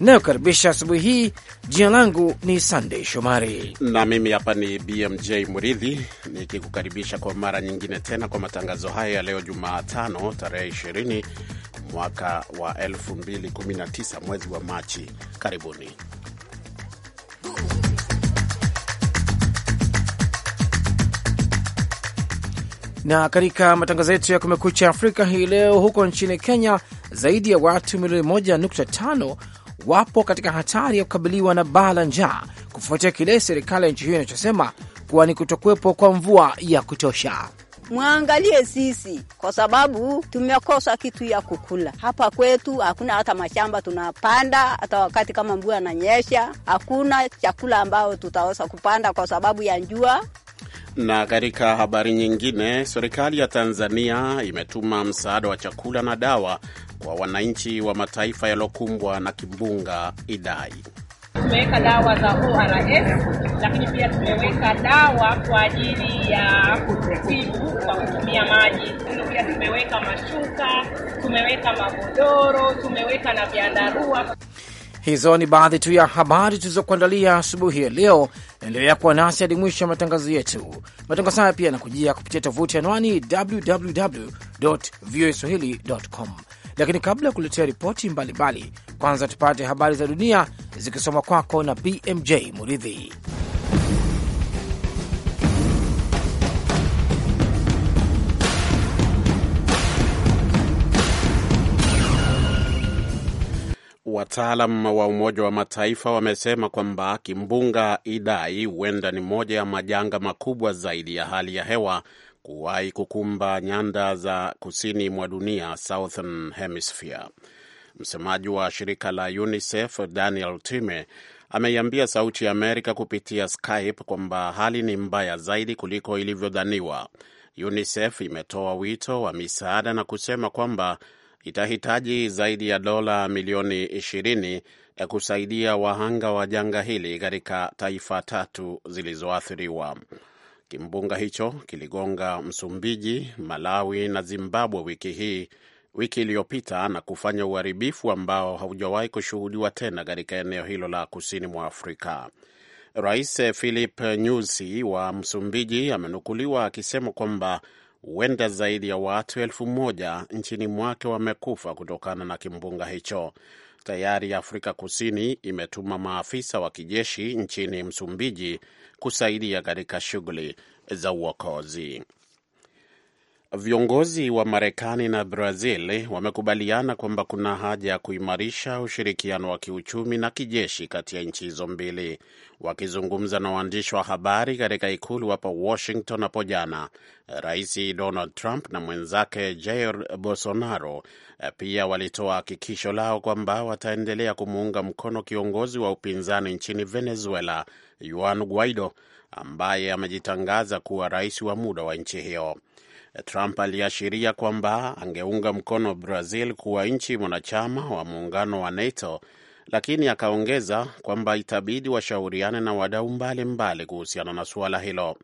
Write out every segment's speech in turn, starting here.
inayokaribisha asubuhi hii. Jina langu ni Sandey Shomari na mimi hapa ni BMJ Muridhi nikikukaribisha kwa mara nyingine tena kwa matangazo haya ya leo Jumatano tarehe 20 mwaka wa 2019 mwezi wa Machi. Karibuni. na katika matangazo yetu ya Kumekucha Afrika hii leo, huko nchini Kenya, zaidi ya watu milioni 1.5 wapo katika hatari ya kukabiliwa na baa la njaa kufuatia kile serikali ya nchi hiyo inachosema kuwa ni kutokuwepo kwa mvua ya kutosha. Mwangalie sisi kwa sababu tumekosa kitu ya kukula hapa kwetu. Hakuna hata mashamba tunapanda, hata wakati kama mvua ananyesha, hakuna chakula ambayo tutaweza kupanda kwa sababu ya njua. Na katika habari nyingine, serikali ya Tanzania imetuma msaada wa chakula na dawa kwa wananchi wa mataifa yaliyokumbwa na kimbunga Idai. Tumeweka dawa za ORS lakini pia tumeweka dawa kwa ajili ya kutibu kwa kutumia maji. Pia tumeweka mashuka, tumeweka magodoro, tumeweka na vyandarua. Hizo ni baadhi tu ya habari tulizokuandalia asubuhi ya leo. Endelea kuwa nasi hadi mwisho ya matangazo yetu. Matangazo haya pia yanakujia kupitia tovuti anwani www voa swahili.com. Lakini kabla ya kuletea ripoti mbalimbali, kwanza tupate habari za dunia zikisoma kwako na BMJ Muridhi. Wataalam wa Umoja wa Mataifa wamesema kwamba kimbunga Idai huenda ni moja ya majanga makubwa zaidi ya hali ya hewa kuwahi kukumba nyanda za kusini mwa dunia, Southern Hemisphere. Msemaji wa shirika la UNICEF Daniel Time ameiambia Sauti ya Amerika kupitia Skype kwamba hali ni mbaya zaidi kuliko ilivyodhaniwa. UNICEF imetoa wito wa misaada na kusema kwamba itahitaji zaidi ya dola milioni 20 ya eh, kusaidia wahanga wa janga hili katika taifa tatu zilizoathiriwa. Kimbunga hicho kiligonga Msumbiji, Malawi na Zimbabwe wiki hii wiki iliyopita na kufanya uharibifu ambao haujawahi kushuhudiwa tena katika eneo hilo la kusini mwa Afrika. Rais Philip Nyusi wa Msumbiji amenukuliwa akisema kwamba huenda zaidi ya watu elfu moja nchini mwake wamekufa kutokana na kimbunga hicho. Tayari Afrika Kusini imetuma maafisa wa kijeshi nchini Msumbiji kusaidia katika shughuli za uokozi. Viongozi wa Marekani na Brazil wamekubaliana kwamba kuna haja ya kuimarisha ushirikiano wa kiuchumi na kijeshi kati ya nchi hizo mbili. Wakizungumza na waandishi wa habari katika ikulu hapa Washington hapo jana, Rais Donald Trump na mwenzake Jair Bolsonaro eh, pia walitoa hakikisho lao kwamba wataendelea kumuunga mkono kiongozi wa upinzani nchini Venezuela, Juan Guaido, ambaye amejitangaza kuwa rais wa muda wa nchi hiyo. Trump aliashiria kwamba angeunga mkono Brazil kuwa nchi mwanachama wa muungano wa NATO, lakini akaongeza kwamba itabidi washauriane na wadau mbalimbali kuhusiana na suala hilo.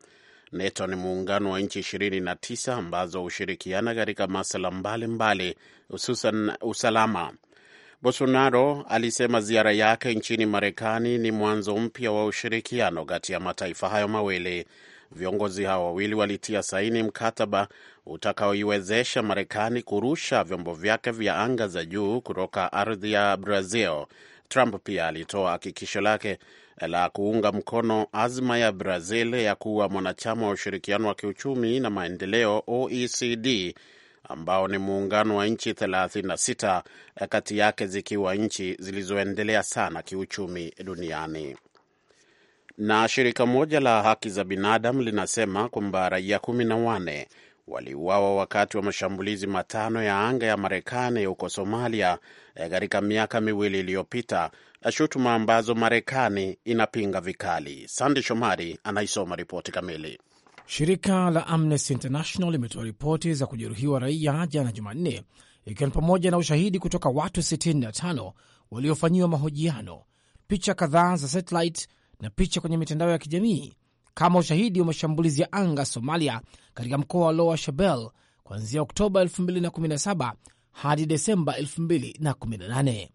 NATO ni muungano wa nchi 29 ambazo hushirikiana katika masuala mbalimbali, hususan usalama. Bolsonaro alisema ziara yake nchini Marekani ni mwanzo mpya wa ushirikiano kati ya mataifa hayo mawili Viongozi hao wawili walitia saini mkataba utakaoiwezesha Marekani kurusha vyombo vyake vya anga za juu kutoka ardhi ya Brazil. Trump pia alitoa hakikisho lake la kuunga mkono azma ya Brazil ya kuwa mwanachama wa ushirikiano wa kiuchumi na maendeleo OECD, ambao ni muungano wa nchi 36 kati yake zikiwa nchi zilizoendelea sana kiuchumi duniani. Na shirika moja la haki za binadamu linasema kwamba raia kumi na wane waliuawa wakati wa mashambulizi matano ya anga ya Marekani huko Somalia eh, katika miaka miwili iliyopita, shutuma ambazo Marekani inapinga vikali. Sandi Shomari anaisoma ripoti kamili. Shirika la Amnesty International limetoa ripoti za kujeruhiwa raia jana Jumanne, ikiwa ni pamoja na ushahidi kutoka watu 65 waliofanyiwa mahojiano, picha kadhaa za satellite na picha kwenye mitandao ya kijamii kama ushahidi wa mashambulizi ya anga Somalia katika mkoa wa Lower Shabelle kuanzia Oktoba 2017 hadi Desemba 2018.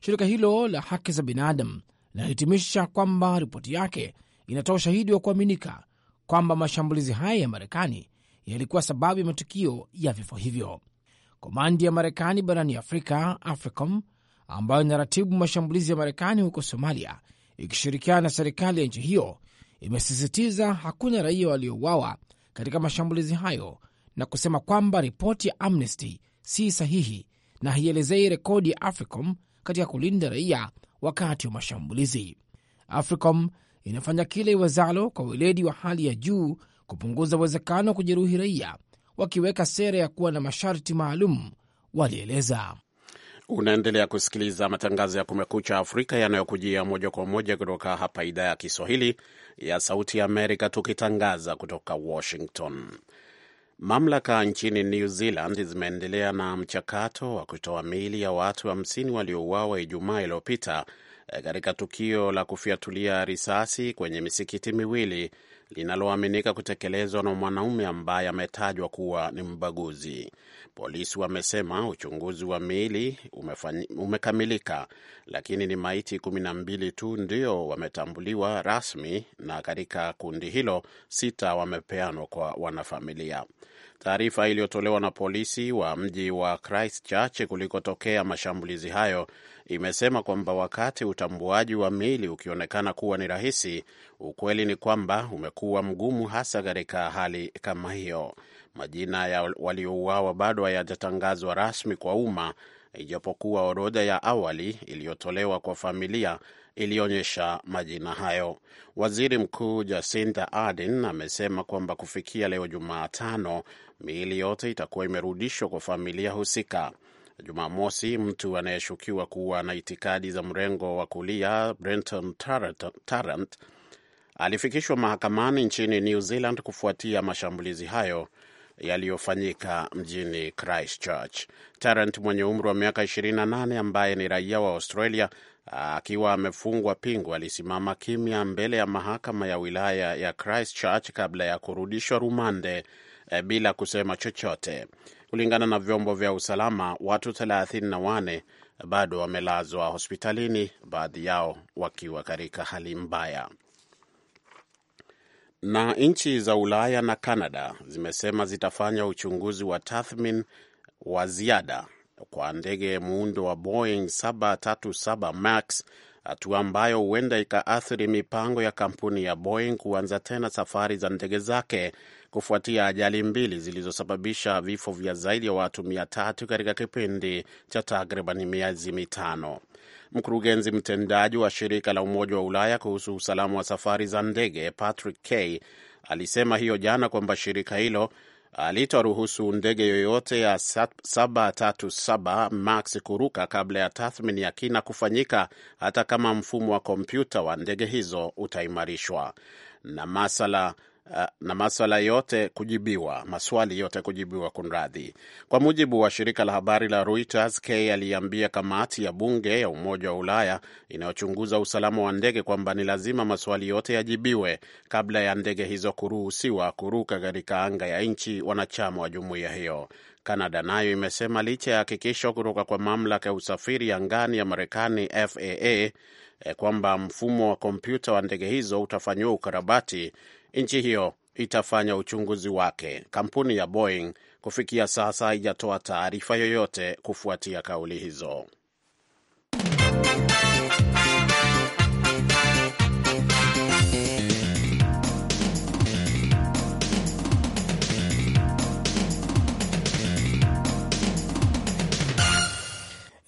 Shirika hilo la haki za binadamu linahitimisha kwamba ripoti yake inatoa ushahidi wa kuaminika kwamba mashambulizi haya ya Marekani yalikuwa sababu ya matukio ya vifo hivyo. Komandi ya Marekani barani Afrika, AFRICOM, ambayo inaratibu mashambulizi ya Marekani huko Somalia ikishirikiana na serikali ya nchi hiyo imesisitiza hakuna raia waliouawa katika mashambulizi hayo na kusema kwamba ripoti ya Amnesty si sahihi na haielezei rekodi ya AFRICOM katika kulinda raia wakati wa mashambulizi. AFRICOM inafanya kile iwezalo kwa weledi wa hali ya juu kupunguza uwezekano wa kujeruhi raia, wakiweka sera ya kuwa na masharti maalum, walieleza. Unaendelea kusikiliza matangazo ya Kumekucha Afrika yanayokujia moja kwa moja kutoka hapa idhaa ya Kiswahili ya Sauti ya Amerika, tukitangaza kutoka Washington. Mamlaka nchini New Zealand zimeendelea na mchakato wa kutoa miili ya watu hamsini wa waliouawa Ijumaa iliyopita eh, katika tukio la kufiatulia risasi kwenye misikiti miwili linaloaminika kutekelezwa na mwanaume ambaye ametajwa kuwa ni mbaguzi. Polisi wamesema uchunguzi wa miili umekamilika, lakini ni maiti kumi na mbili tu ndio wametambuliwa rasmi, na katika kundi hilo sita wamepeanwa kwa wanafamilia. Taarifa iliyotolewa na polisi wa mji wa Christchurch kulikotokea mashambulizi hayo imesema kwamba wakati utambuaji wa miili ukionekana kuwa ni rahisi, ukweli ni kwamba umekuwa mgumu, hasa katika hali kama hiyo. Majina ya waliouawa bado hayajatangazwa rasmi kwa umma, ijapokuwa orodha ya awali iliyotolewa kwa familia ilionyesha majina hayo. Waziri Mkuu Jacinda Ardern amesema kwamba kufikia leo Jumatano, miili yote itakuwa imerudishwa kwa familia husika. Jumamosi, mtu anayeshukiwa kuwa na itikadi za mrengo wa kulia Brenton Tarrant, Tarrant alifikishwa mahakamani nchini New Zealand kufuatia mashambulizi hayo yaliyofanyika mjini Christchurch. Tarrant mwenye umri wa miaka 28 ambaye ni raia wa Australia akiwa amefungwa pingu, alisimama kimya mbele ya mahakama ya wilaya ya Christchurch kabla ya kurudishwa rumande e, bila kusema chochote. Kulingana na vyombo vya usalama, watu thelathini bado wamelazwa hospitalini, baadhi yao wakiwa katika hali mbaya. Na nchi za Ulaya na canada zimesema zitafanya uchunguzi wa tathmini wa ziada kwa ndege muundo wa Boeing 737 Max, hatua ambayo huenda ikaathiri mipango ya kampuni ya Boeing kuanza tena safari za ndege zake kufuatia ajali mbili zilizosababisha vifo vya zaidi ya watu mia tatu katika kipindi cha takribani miezi mitano. Mkurugenzi mtendaji wa shirika la Umoja wa Ulaya kuhusu usalama wa safari za ndege Patrick K alisema hiyo jana kwamba shirika hilo alitoruhusu ndege yoyote ya 737 Max kuruka kabla ya tathmini ya kina kufanyika, hata kama mfumo wa kompyuta wa ndege hizo utaimarishwa na masala Eh, na maswala yote kujibiwa, maswali yote kujibiwa, kunradhi. Kwa mujibu wa shirika la habari la Reuters, K aliambia kamati ya bunge ya Umoja wa Ulaya inayochunguza usalama wa ndege kwamba ni lazima maswali yote yajibiwe kabla ya ndege hizo kuruhusiwa kuruka katika anga ya nchi wanachama wa jumuiya hiyo. Kanada nayo imesema licha ya hakikisho kutoka kwa mamlaka ya usafiri angani ya Marekani FAA eh, kwamba mfumo wa kompyuta wa ndege hizo utafanyiwa ukarabati nchi hiyo itafanya uchunguzi wake. Kampuni ya Boeing kufikia sasa haijatoa taarifa yoyote kufuatia kauli hizo.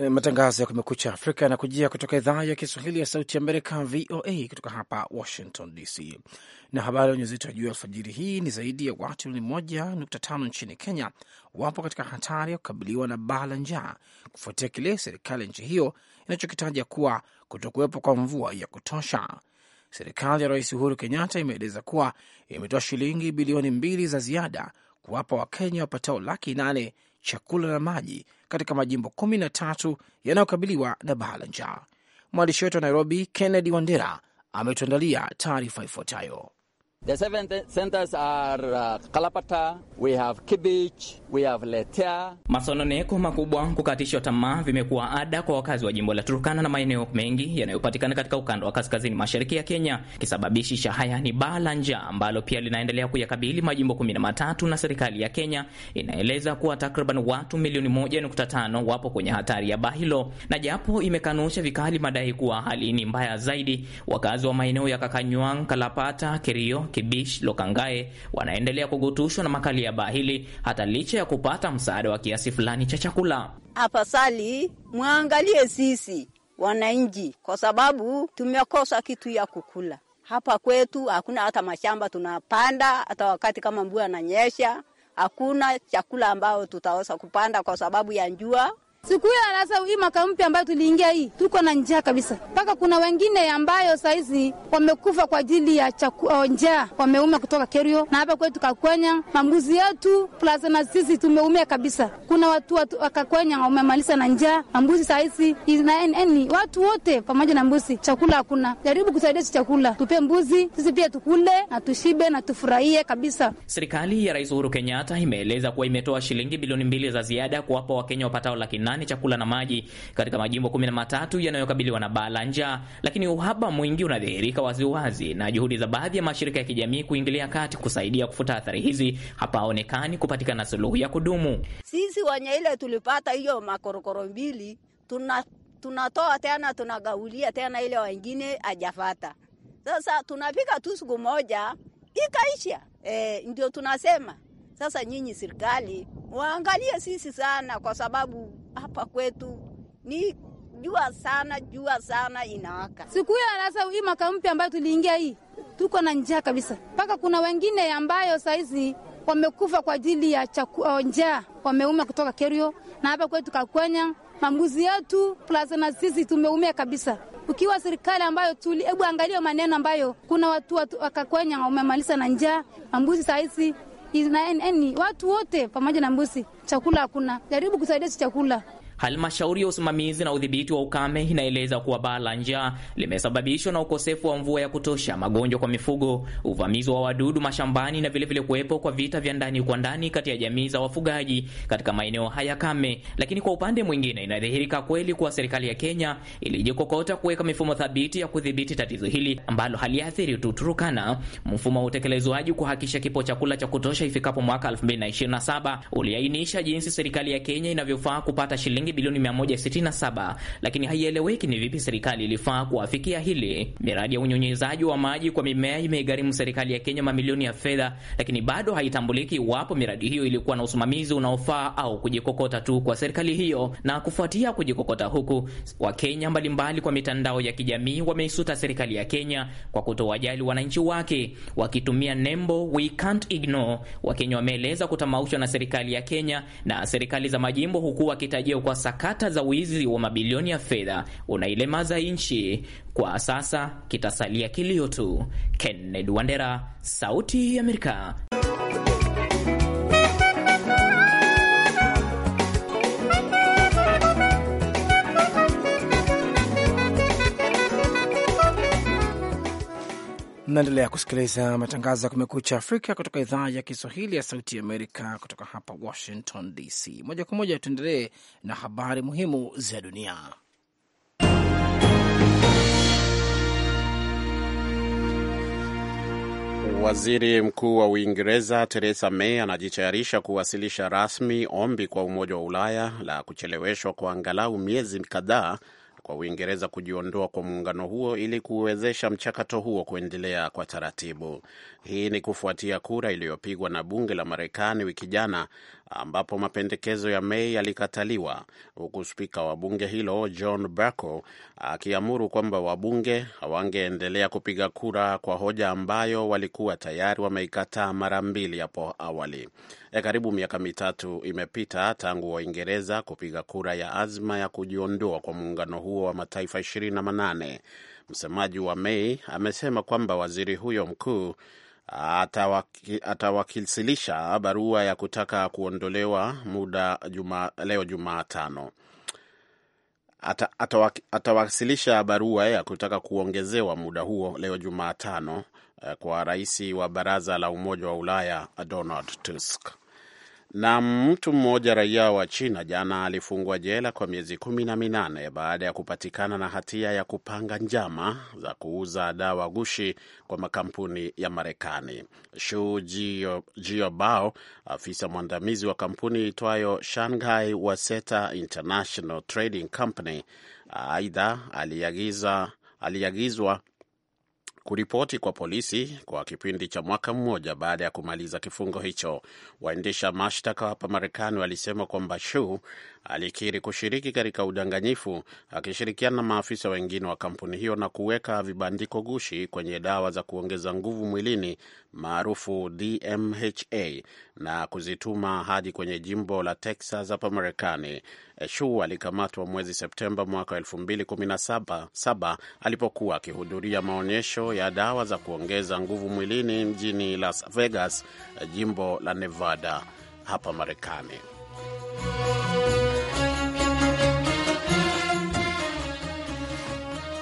Eh, matangazo ya Kumekucha Afrika yanakujia kutoka idhaa ya Kiswahili ya Sauti Amerika, VOA, kutoka hapa Washington DC. Na habari wenye uzito wa juu ya alfajiri hii ni zaidi ya watu milioni tano nchini Kenya wapo katika hatari ya kukabiliwa na baa la njaa kufuatia kile serikali ya nchi hiyo inachokitaja kuwa kutokuwepo kwa mvua ya kutosha. Serikali ya Rais Uhuru Kenyatta imeeleza kuwa imetoa shilingi bilioni mbili za ziada kuwapa Wakenya wapatao laki nane chakula na maji katika majimbo kumi na tatu yanayokabiliwa na baa la njaa. Mwandishi wetu wa Nairobi, Kennedy Wandera, ametuandalia taarifa ifuatayo. The seven centers are uh, Kalapata, we have Kibich, we have Letea. Masononeko makubwa, kukatishwa tamaa vimekuwa ada kwa wakazi wa jimbo la Turkana na maeneo mengi yanayopatikana katika ukanda wa kaskazini mashariki ya Kenya. Kisababishi cha haya ni baa la njaa ambalo pia linaendelea kuyakabili majimbo 13 na serikali ya Kenya inaeleza kuwa takriban watu milioni moja tano wapo kwenye hatari ya baa hilo, na japo imekanusha vikali madai kuwa hali ni mbaya zaidi, wakazi wa maeneo ya Kakanywang, Kalapata, Kerio Kibish Lokangae wanaendelea kugutushwa na makali ya baa hili hata licha ya kupata msaada wa kiasi fulani cha chakula. Afasali mwangalie sisi wananchi, kwa sababu tumekosa kitu ya kukula hapa kwetu. Hakuna hata mashamba tunapanda, hata wakati kama mvua ananyesha hakuna chakula ambayo tutaweza kupanda kwa sababu ya njua. Siku hiyo anasa hii mwaka mpya ambayo tuliingia hii, tuko na njaa kabisa, mpaka kuna wengine ambayo sahizi wamekufa kwa ajili ya uh, njaa, wameumia kutoka Kerio na hapa kwetu Kakwenya, mambuzi yetu plus na sisi tumeumia kabisa. Kuna watu wakakwenya watu, wamemaliza na njaa, mambuzi sahizi inaeni, watu wote pamoja na mbuzi, chakula hakuna. Jaribu kusaidia si chakula, tupe mbuzi sisi pia tukule na tushibe na tufurahie kabisa. Serikali ya Rais Uhuru Kenyatta imeeleza kuwa imetoa shilingi bilioni mbili za ziada kuwapa Wakenya wapatao laki nane burudani, chakula na maji katika majimbo 13 yanayokabiliwa na baa la njaa, lakini uhaba mwingi unadhihirika waziwazi na juhudi za baadhi ya mashirika ya kijamii kuingilia kati kusaidia kufuta athari hizi hapaonekani kupatikana suluhu ya kudumu. Sisi wenye ile tulipata hiyo makorokoro mbili tuna tunatoa tena tunagaulia tena ile wengine ajafata. Sasa tunapika tu siku moja ikaisha. E, ndio tunasema sasa nyinyi serikali waangalie sisi sana, kwa sababu hapa kwetu ni jua sana, jua sana inawaka siku hiyo. Sasa hii mwaka mpya ambayo tuliingia hii, tuko na njaa kabisa, mpaka kuna wengine ambayo saizi wamekufa kwa ajili ya uh, njaa, wameumia kutoka Kerio na hapa kwetu Kakwenya, mambuzi yetu plasa, na sisi tumeumia kabisa. Ukiwa serikali ambayo tuli, hebu angalia maneno ambayo kuna watu, watu wakakwenya wamemaliza na njaa, mambuzi saizi yani watu wote pamoja na mbuzi. Chakula hakuna, jaribu kusaidia chakula Halmashauri ya usimamizi na udhibiti wa ukame inaeleza kuwa baa la njaa limesababishwa na ukosefu wa mvua ya kutosha, magonjwa kwa mifugo, uvamizi wa wadudu mashambani na vilevile kuwepo kwa vita vya ndani kwa ndani kati ya jamii za wafugaji katika maeneo haya kame. Lakini kwa upande mwingine, inadhihirika kweli kuwa serikali ya Kenya ilijikokota kuweka mifumo thabiti ya kudhibiti tatizo hili ambalo haliathiri tu Turkana. Mfumo wa utekelezwaji kuhakikisha kipo chakula cha kutosha ifikapo mwaka 2027 uliainisha jinsi serikali ya Kenya inavyofaa kupata shilingi shilingi bilioni 167, lakini haieleweki ni vipi serikali ilifaa kuafikia hili. Miradi ya unyonyezaji wa maji kwa mimea imeigharimu serikali ya Kenya mamilioni ya fedha, lakini bado haitambuliki iwapo miradi hiyo ilikuwa na usimamizi unaofaa au kujikokota tu kwa serikali hiyo. Na kufuatia kujikokota huku, Wakenya mbalimbali kwa mitandao ya kijamii wameisuta serikali ya Kenya kwa kutowajali wananchi wake, wakitumia nembo we can't ignore. Wakenya wameeleza kutamaushwa na serikali ya Kenya na serikali za majimbo, huku wakitajia kwa wa sakata za wizi wa mabilioni ya fedha unailemaza nchi kwa sasa, kitasalia kilio tu. Kennedy Wandera, Sauti ya Amerika. Mnaendelea kusikiliza matangazo ya Kumekucha Afrika kutoka idhaa ya Kiswahili ya Sauti Amerika kutoka hapa Washington DC. Moja kwa moja tuendelee na habari muhimu za dunia. Waziri Mkuu wa Uingereza Theresa May anajitayarisha kuwasilisha rasmi ombi kwa Umoja wa Ulaya la kucheleweshwa kwa angalau miezi kadhaa kwa Uingereza kujiondoa kwa muungano huo ili kuwezesha mchakato huo kuendelea kwa taratibu. Hii ni kufuatia kura iliyopigwa na bunge la Marekani wiki jana ambapo mapendekezo ya Mei yalikataliwa huku spika wa bunge hilo John Bercow akiamuru kwamba wabunge hawangeendelea kupiga kura kwa hoja ambayo walikuwa tayari wameikataa mara mbili hapo awali. E, karibu miaka mitatu imepita tangu Waingereza kupiga kura ya azma ya kujiondoa kwa muungano huo wa mataifa ishirini na manane. Msemaji wa Mei amesema kwamba waziri huyo mkuu atawaki, barua ya kutaka kuondolewa muda juma, leo Jumatano ata, atawasilisha barua ya kutaka kuongezewa muda huo leo Jumatano eh, kwa rais wa baraza la Umoja wa Ulaya Donald Tusk. Na mtu mmoja raia wa China jana alifungwa jela kwa miezi kumi na minane baada ya kupatikana na hatia ya kupanga njama za kuuza dawa gushi kwa makampuni ya Marekani. Shu Jiobao, afisa mwandamizi wa kampuni itwayo Shanghai Waseta International Trading Company, aidha aliagizwa kuripoti kwa polisi kwa kipindi cha mwaka mmoja baada ya kumaliza kifungo hicho. Waendesha mashtaka hapa Marekani walisema kwamba Shu alikiri kushiriki katika udanganyifu akishirikiana na maafisa wengine wa kampuni hiyo na kuweka vibandiko gushi kwenye dawa za kuongeza nguvu mwilini maarufu DMHA na kuzituma hadi kwenye jimbo la Texas hapa Marekani. Shu alikamatwa mwezi Septemba mwaka 2017 alipokuwa akihudhuria maonyesho ya dawa za kuongeza nguvu mwilini mjini Las Vegas, jimbo la Nevada hapa Marekani.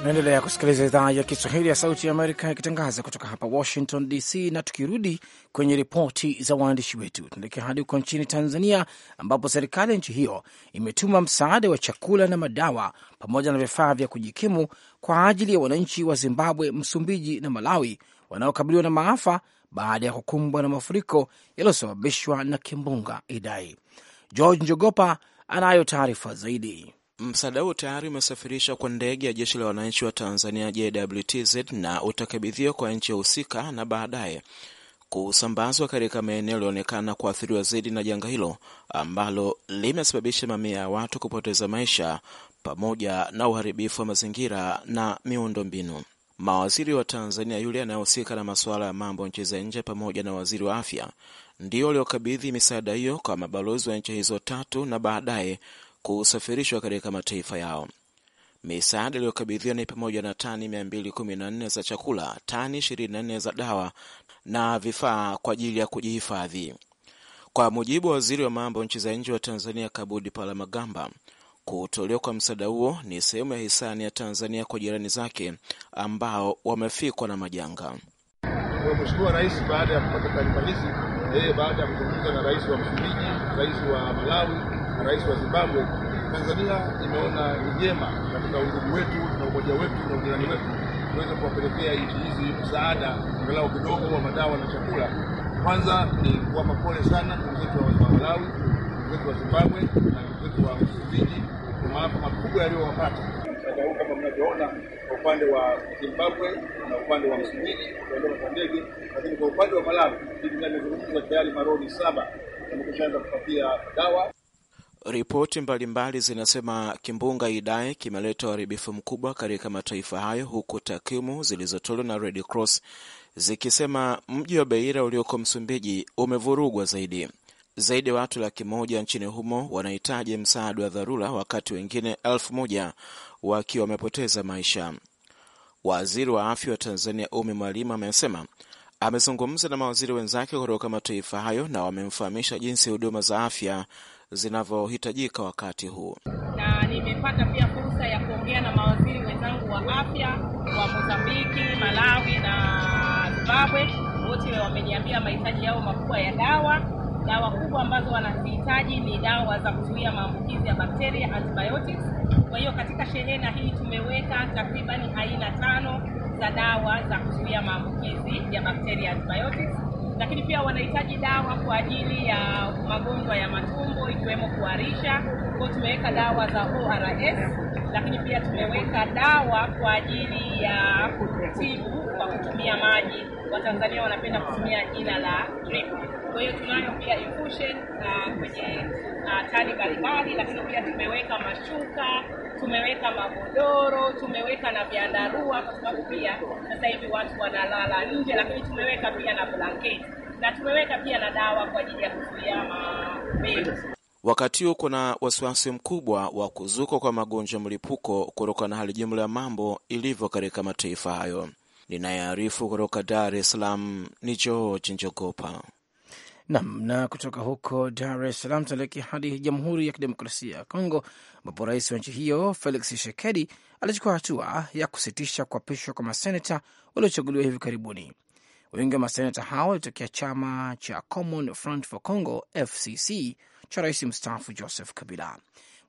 Naendelea kusikiliza idhaa ya Kiswahili ya Sauti ya Amerika ikitangaza kutoka hapa Washington DC. Na tukirudi kwenye ripoti za waandishi wetu, tunaelekea hadi huko nchini Tanzania, ambapo serikali ya nchi hiyo imetuma msaada wa chakula na madawa pamoja na vifaa vya kujikimu kwa ajili ya wananchi wa Zimbabwe, Msumbiji na Malawi wanaokabiliwa na maafa baada ya kukumbwa na mafuriko yaliyosababishwa na kimbunga Idai. George Njogopa anayo taarifa zaidi. Msaada huo tayari umesafirishwa kwa ndege ya jeshi la wananchi wa Tanzania JWTZ na utakabidhiwa kwa nchi ya husika na baadaye kusambazwa katika maeneo yaliyoonekana kuathiriwa zaidi na janga hilo ambalo limesababisha mamia ya watu kupoteza maisha pamoja na uharibifu wa mazingira na miundo mbinu Mawaziri wa Tanzania, yule anayehusika na masuala ya mambo nchi za nje pamoja na waziri wa afya, ndio waliokabidhi misaada hiyo kwa mabalozi wa nchi hizo tatu na baadaye kusafirishwa katika mataifa yao. Misaada iliyokabidhiwa ni pamoja na tani 214 za chakula, tani 24 za dawa na vifaa kwa ajili ya kujihifadhi. Kwa mujibu wa waziri wa mambo nchi za nje wa Tanzania Kabudi Palamagamba, kutolewa kwa msaada huo ni sehemu ya hisani ya Tanzania kwa jirani zake ambao wamefikwa na majanga. Mheshimiwa Rais baada ya kupata taarifa hizi, yeye baada ya kuzungumza na rais wa Msumbiji, rais wa Malawi rais wa Zimbabwe, Tanzania imeona ni jema katika undugu wetu na umoja wetu na ujirani wetu tuweze kuwapelekea nchi hizi msaada angalau kidogo wa madawa na chakula. Kwanza ni kuwapa pole sana ndugu zetu wa Malawi, ndugu zetu wa Zimbabwe na ndugu zetu wa Msumbiji kwa maafa makubwa yaliyowapata msaada huu, kama mnavyoona kwa upande wa Zimbabwe na upande wa Msumbiji kuondoka kwa ndege, lakini kwa upande wa Malawi hivi inavyozungumza tayari maroli saba yamekushaanza kupatia dawa. Ripoti mbalimbali zinasema kimbunga Idai kimeleta uharibifu mkubwa katika mataifa hayo, huku takwimu zilizotolewa na Red Cross zikisema mji wa Beira ulioko Msumbiji umevurugwa zaidi. Zaidi ya watu laki moja nchini humo wanahitaji msaada wa dharura, wakati wengine elfu moja wakiwa wamepoteza maisha. Waziri wa afya wa Tanzania Umi Mwalimu amesema amezungumza na mawaziri wenzake kutoka mataifa hayo na wamemfahamisha jinsi huduma za afya zinavyohitajika wakati huu, na nimepata pia fursa ya kuongea na mawaziri wenzangu wa afya wa Mozambiki, Malawi na Zimbabwe. Wote wameniambia mahitaji yao makubwa ya dawa dawa kubwa ambazo wanazihitaji ni dawa za kuzuia maambukizi ya bakteria antibiotics. Kwa hiyo katika shehena hii tumeweka takribani aina tano za dawa za kuzuia maambukizi ya bakteria antibiotics, lakini pia wanahitaji dawa kwa ajili ya magonjwa ya matumbo ikiwemo kuharisha. Kwa tumeweka dawa za ORS, lakini pia tumeweka dawa kwa ajili ya kutibu kwa kutumia maji. Watanzania wanapenda kutumia jina la drip. Kwa hiyo tunayo pia infusion na uh, kwenye uh, tani mbalimbali, lakini pia tumeweka mashuka tumeweka magodoro, tumeweka na vyandarua, kwa sababu pia sasa hivi watu wanalala nje, lakini tumeweka pia na blanketi na tumeweka pia na dawa kwa ajili ya kuzuia mabegu. Wakati huo kuna wasiwasi mkubwa wa kuzuka kwa magonjwa mlipuko kutokana na hali jumla ya mambo ilivyo katika mataifa hayo. Ninayearifu kutoka Dar es Salaam ni George Njogopa. Nam na kutoka huko Dar es Salaam taleki hadi Jamhuri ya Kidemokrasia ya Kongo, ambapo rais wa nchi hiyo Felix Tshisekedi alichukua hatua ya kusitisha kuapishwa kwa maseneta waliochaguliwa hivi karibuni. Wengi wa maseneta hao walitokea chama cha Common Front for Congo, FCC, cha rais mstaafu Joseph Kabila.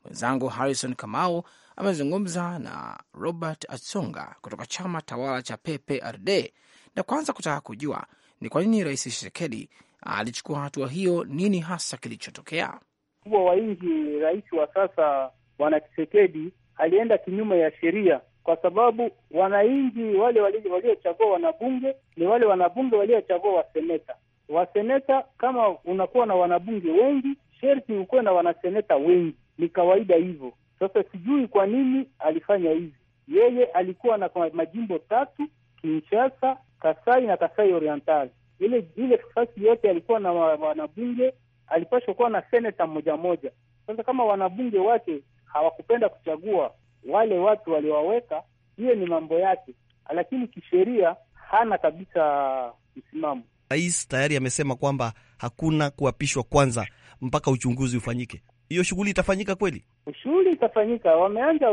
Mwenzangu Harrison Kamau amezungumza na Robert Atsonga kutoka chama tawala cha PPRD na kwanza kutaka kujua ni kwa nini rais Tshisekedi alichukua hatua hiyo, nini hasa kilichotokea? Mkubwa wa nchi, rais wa sasa Bwana Tshisekedi alienda kinyume ya sheria kwa sababu wananchi wale waliochagua wanabunge ni wale wanabunge waliochagua waseneta. Waseneta, kama unakuwa na wanabunge wengi, sherti ukuwe na wanaseneta wengi, ni kawaida hivyo. Sasa sijui kwa nini alifanya hivi. Yeye alikuwa na majimbo tatu: Kinshasa, Kasai na Kasai Oriental ile ile nafasi yote alikuwa na wanabunge, alipaswa kuwa na seneta mmoja mmoja. Sasa kama wanabunge wake hawakupenda kuchagua wale watu waliowaweka, hiyo ni mambo yake, lakini kisheria hana kabisa msimamo. Rais tayari amesema kwamba hakuna kuapishwa kwanza mpaka uchunguzi ufanyike. Hiyo shughuli itafanyika kweli? Shughuli itafanyika, wameanza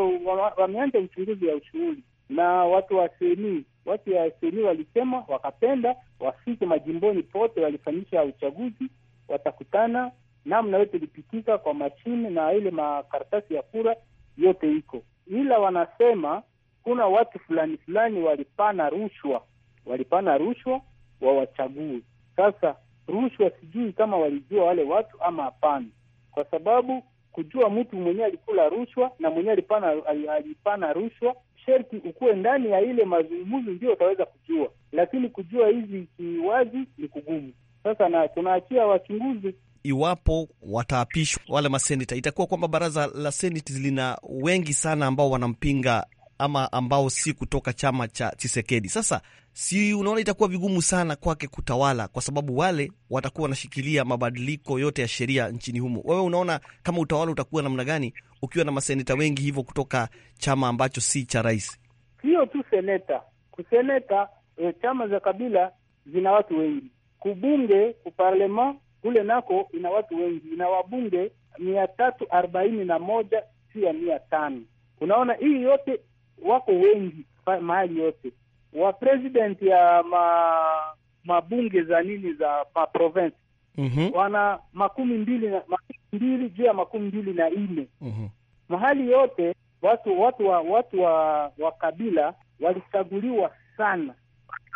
wameanza uchunguzi wa ushughuli na watu wa seni watu wa seni walisema wakapenda wafike majimboni pote, walifanyisha uchaguzi, watakutana namna yote ilipitika kwa mashine na ile makaratasi ya kura yote iko, ila wanasema kuna watu fulani fulani walipana rushwa, walipana rushwa wawachague. Sasa rushwa sijui kama walijua wale watu ama hapana, kwa sababu kujua mtu mwenyewe alikula rushwa na mwenyewe alipana, alipana rushwa sherti ukuwe ndani ya ile mazungumzo, ndio utaweza kujua, lakini kujua hizi kiwazi ni kugumu. Sasa na tunaachia wachunguzi iwapo wataapishwa wale maseneta, itakuwa kwamba baraza la seneti lina wengi sana ambao wanampinga ama ambao si kutoka chama cha Chisekedi. Sasa si unaona itakuwa vigumu sana kwake kutawala, kwa sababu wale watakuwa wanashikilia mabadiliko yote ya sheria nchini humo. Wewe unaona kama utawala utakuwa namna gani ukiwa na maseneta wengi hivyo kutoka chama ambacho si cha rais? Hiyo tu seneta kuseneta, e, chama za kabila zina watu wengi, kubunge kuparlema kule nako ina watu wengi, ina wabunge mia tatu arobaini na moja si ya mia tano. Unaona, hii yote wako wengi mahali yote, wa president ya ma, mabunge za nini za province mm -hmm. wana makumi mbili na makumi mbili juu ya makumi mbili na nne mm -hmm. mahali yote watu watu wa watu wa, wa kabila walichaguliwa sana.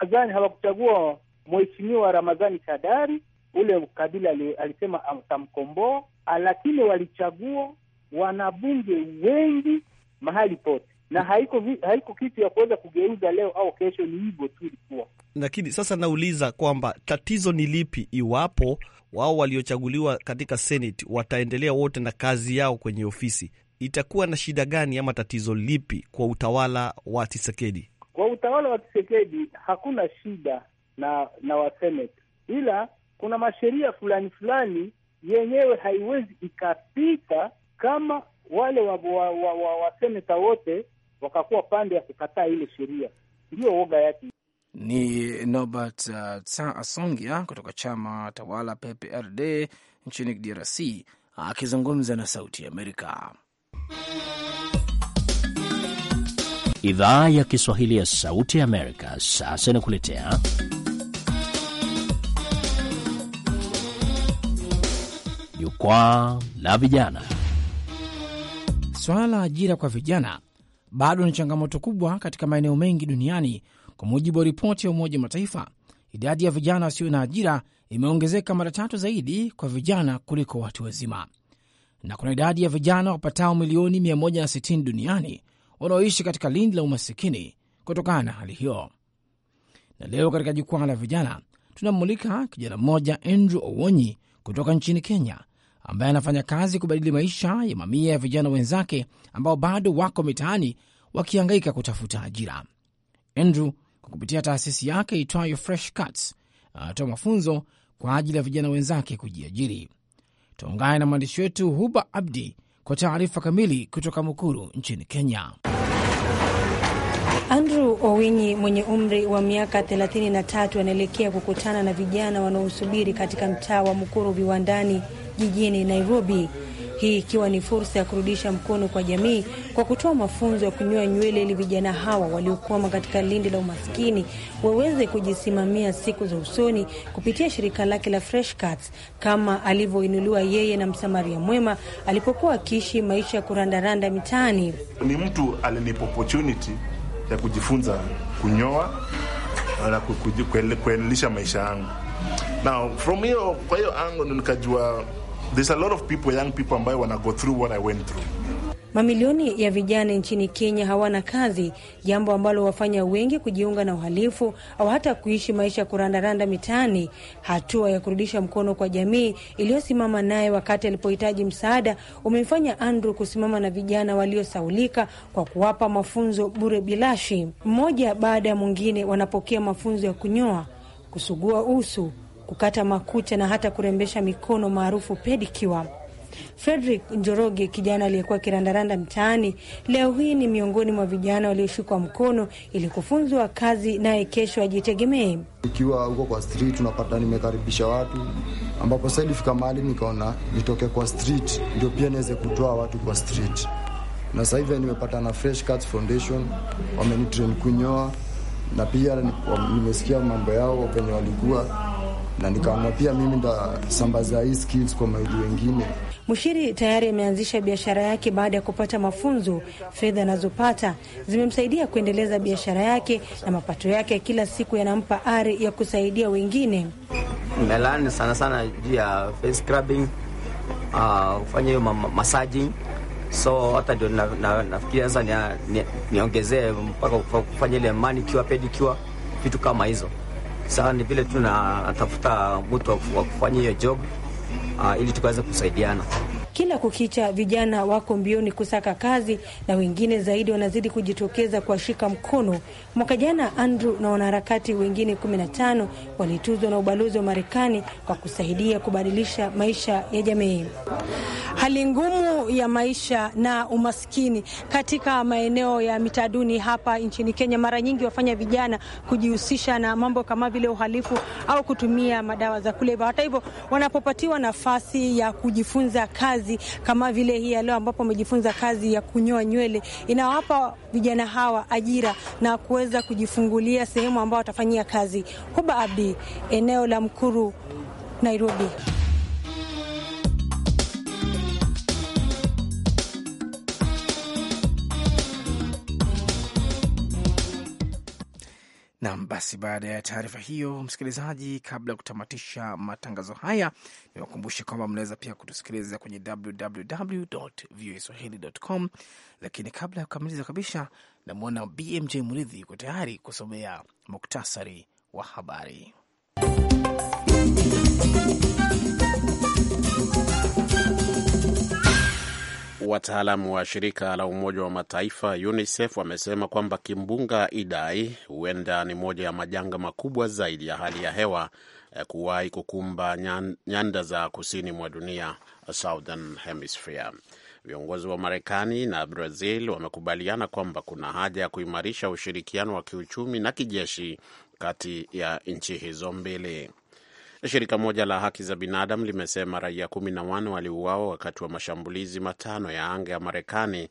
Ramadhani hawakuchagua mheshimiwa Ramadhani Shadari, ule kabila alisema atamkomboa, lakini walichagua wanabunge wengi mahali pote na haiko haiko kitu ya kuweza kugeuza leo au kesho, ni hivyo tu ilikuwa. Lakini sasa nauliza kwamba tatizo ni lipi iwapo wao waliochaguliwa katika Senate wataendelea wote na kazi yao kwenye ofisi, itakuwa na shida gani ama tatizo lipi kwa utawala wa tisekedi Kwa utawala wa tisekedi hakuna shida na na Senate, ila kuna masheria fulani fulani yenyewe haiwezi ikapita kama wale wa, wa, wa, wa, waseneta wote wakakuwa pande ya kukataa ile sheria, ndiyo woga yake. Ni Norbert uh, Asongia kutoka chama tawala PPRD nchini DRC akizungumza na Sauti ya Amerika. Idhaa ya Kiswahili ya Sauti ya Amerika sasa inakuletea Jukwaa la Vijana. Swala la ajira kwa vijana bado ni changamoto kubwa katika maeneo mengi duniani. Kwa mujibu wa ripoti ya Umoja Mataifa, idadi ya vijana wasio na ajira imeongezeka mara tatu zaidi kwa vijana kuliko watu wazima, na kuna idadi ya vijana wapatao milioni 160 duniani wanaoishi katika lindi la umasikini kutokana na hali hiyo. Na leo katika jukwaa la vijana tunamulika kijana mmoja Andrew Owonyi kutoka nchini Kenya ambaye anafanya kazi kubadili maisha ya mamia ya vijana wenzake ambao bado wako mitaani wakihangaika kutafuta ajira. Andrew kwa kupitia taasisi yake itwayo Fresh Cuts anatoa mafunzo kwa ajili ya vijana wenzake kujiajiri. Tuungane na mwandishi wetu Huba Abdi kwa taarifa kamili kutoka Mukuru nchini Kenya. Andrew Owinyi mwenye umri wa miaka 33 anaelekea kukutana na vijana wanaosubiri katika mtaa wa Mukuru viwandani jijini Nairobi, hii ikiwa ni fursa ya kurudisha mkono kwa jamii kwa kutoa mafunzo ya kunyoa nywele ili vijana hawa waliokwama katika lindi la umaskini waweze kujisimamia siku za usoni kupitia shirika lake la Fresh Cuts, kama alivyoinuliwa yeye na Msamaria Mwema alipokuwa akiishi maisha ya kurandaranda mitaani. Ni mtu alinipa opportunity ya kujifunza kunyoa na kuelilisha maisha yangu na from hiyo, kwa hiyo ango nikajua there's a lot of people, young people ambayo wana go through what I went through. Mamilioni ya vijana nchini Kenya hawana kazi, jambo ambalo wafanya wengi kujiunga na uhalifu au hata kuishi maisha ya kurandaranda mitaani, hatua ya kurudisha mkono kwa jamii iliyosimama naye wakati alipohitaji msaada umemfanya Andrew kusimama na vijana waliosaulika kwa kuwapa mafunzo bure bilashi. Mmoja baada ya mwingine wanapokea mafunzo ya kunyoa, kusugua usu kukata makucha na hata kurembesha mikono maarufu pedicure. Frederick Njoroge, kijana aliyekuwa kirandaranda mtaani, leo hii ni miongoni mwa vijana walioshikwa mkono ili kufunzwa kazi, naye kesho ajitegemee. Ikiwa huko kwa street unapata nimekaribisha watu, ambapo sasa ilifika mahali nikaona nitoke kwa street ndio pia niweze kutoa watu kwa street, na sasa hivi nimepata na Fresh Cuts Foundation wamenitrain kunyoa, na pia nimesikia mambo yao venye walikuwa na nikaamua pia mimi ndasambaza hii skills kwa maidi wengine. Mshiri tayari ameanzisha biashara yake baada ya kupata mafunzo. Fedha anazopata zimemsaidia kuendeleza biashara yake na mapato yake kila siku yanampa ari ya kusaidia wengine. Melani sana sana juu ya face scrubbing, ah, ufanye hiyo massaging so hata ndio nafikiria sasa niongezee mpaka kufanya ile manicure pedicure, vitu kama hizo. Sasa ni vile tunatafuta mtu wa kufanya hiyo job uh, ili tukaweza kusaidiana. Kila kukicha vijana wako mbioni kusaka kazi na wengine zaidi wanazidi kujitokeza kuwashika mkono. Mwaka jana Andrew na wanaharakati wengine 15 walituzwa na ubalozi wa Marekani kwa kusaidia kubadilisha maisha ya jamii. Hali ngumu ya maisha na umaskini katika maeneo ya mitaduni hapa nchini Kenya mara nyingi wafanya vijana kujihusisha na mambo kama vile uhalifu au kutumia madawa za kulevya. Hata hivyo, wanapopatiwa nafasi ya kujifunza kazi kazi kama vile hii ya leo ambapo wamejifunza kazi ya kunyoa nywele. Inawapa vijana hawa ajira na kuweza kujifungulia sehemu ambao watafanyia kazi. Huba Abdi, eneo la Mkuru, Nairobi. Nam, basi baada ya taarifa hiyo, msikilizaji, kabla ya kutamatisha matangazo haya, niwakumbushe kwamba mnaweza pia kutusikiliza kwenye www voa swahili.com. Lakini kabla ya kukamiliza kabisa, namwona BMJ Mridhi yuko tayari kusomea muktasari wa habari. Wataalamu wa shirika la Umoja wa Mataifa UNICEF wamesema kwamba kimbunga Idai huenda ni moja ya majanga makubwa zaidi ya hali ya hewa eh, kuwahi kukumba nyanda za kusini mwa dunia, Southern Hemisphere. Viongozi wa Marekani na Brazil wamekubaliana kwamba kuna haja ya kuimarisha ushirikiano wa kiuchumi na kijeshi kati ya nchi hizo mbili. Shirika moja la haki za binadamu limesema raia kumi na wanne waliuawa wakati wa mashambulizi matano ya anga ya Marekani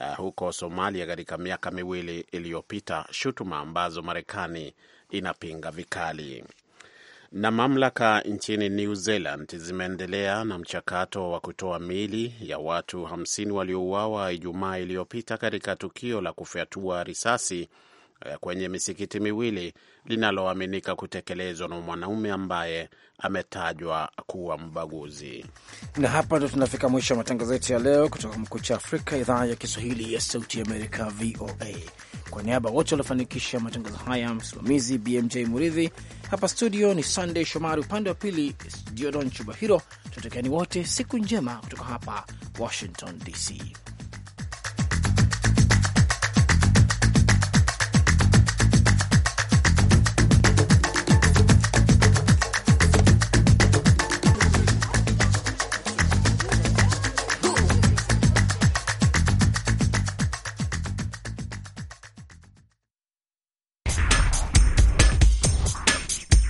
uh, huko Somalia katika miaka miwili iliyopita, shutuma ambazo Marekani inapinga vikali. Na mamlaka nchini New Zealand zimeendelea na mchakato wa kutoa miili ya watu 50 waliouawa Ijumaa iliyopita katika tukio la kufyatua risasi Eh, kwenye misikiti miwili linaloaminika kutekelezwa na mwanaume ambaye ametajwa kuwa mbaguzi. Na hapa ndo tunafika mwisho wa matangazo yetu ya leo kutoka Mkucha Afrika, idhaa ya Kiswahili ya Sauti Amerika, VOA. Kwa niaba wote waliofanikisha matangazo haya, msimamizi BMJ Muridhi, hapa studio ni Sandey Shomari, upande wa pili Diodon Chubahiro. Tutekeni wote siku njema kutoka hapa Washington DC.